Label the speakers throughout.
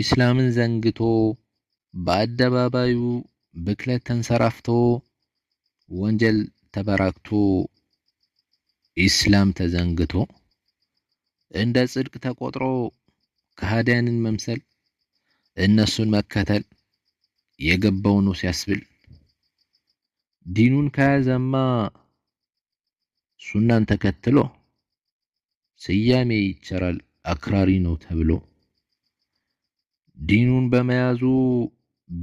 Speaker 1: ኢስላምን ዘንግቶ በአደባባዩ ብክለት ተንሰራፍቶ ወንጀል ተበራክቶ ኢስላም ተዘንግቶ እንደ ጽድቅ ተቆጥሮ ከሃዲያንን መምሰል እነሱን መከተል የገባው ነው ሲያስብል ዲኑን ከያዘማ ሱናን ተከትሎ ስያሜ ይቸራል አክራሪ ነው ተብሎ ዲኑን በመያዙ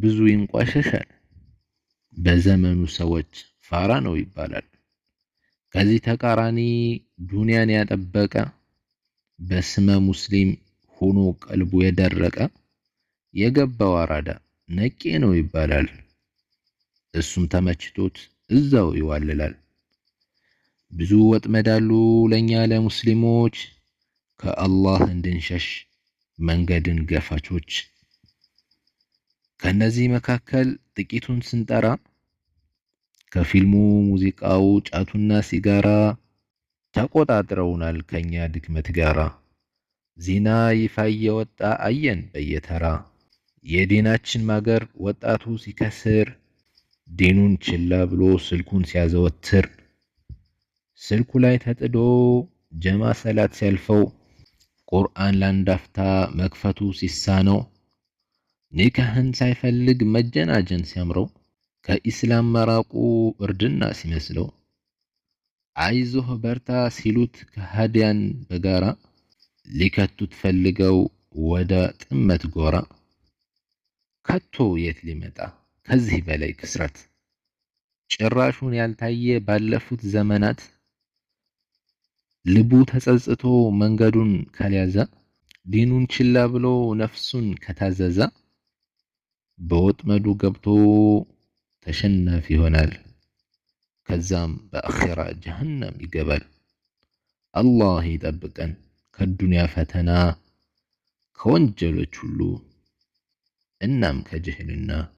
Speaker 1: ብዙ ይንቋሸሻል። በዘመኑ ሰዎች ፋራ ነው ይባላል። ከዚህ ተቃራኒ ዱንያን ያጠበቀ በስመ ሙስሊም ሆኖ ቀልቡ የደረቀ የገባው አራዳ ነቄ ነው ይባላል። እሱም ተመችቶት እዛው ይዋልላል። ብዙ ወጥመዳሉ ለኛ ለሙስሊሞች ከአላህ እንድንሸሽ መንገድን ገፋቾች። ከነዚህ መካከል ጥቂቱን ስንጠራ ከፊልሙ ሙዚቃው፣ ጫቱና ሲጋራ ተቆጣጥረውናል ከኛ ድክመት ጋራ። ዜና ይፋ እየወጣ አየን በየተራ የዴናችን ማገር ወጣቱ ሲከስር ዴኑን ችላ ብሎ ስልኩን ሲያዘወትር ስልኩ ላይ ተጥዶ ጀማ ሰላት ሲያልፈው ቁርአን ላንዳፍታ መክፈቱ ሲሳነው ኒካህን ሳይፈልግ መጀናጀን ሲያምረው ከኢስላም መራቁ እርድና ሲመስለው አይዞህ በርታ ሲሉት ከሃዲያን በጋራ ሊከቱት ፈልገው ወደ ጥመት ጎራ ከቶ የት ሊመጣ ከዚህ በላይ ክስረት ጭራሹን ያልታየ ባለፉት ዘመናት ልቡ ተጸጽቶ መንገዱን ካልያዘ ዲኑን ችላ ብሎ ነፍሱን ከታዘዘ በወጥመዱ ገብቶ ተሸናፊ ይሆናል። ከዛም በአኺራ ጀሀነም ይገባል። አላህ ይጠብቀን ከዱንያ ፈተና፣ ከወንጀሎች ሁሉ እናም ከጅህልና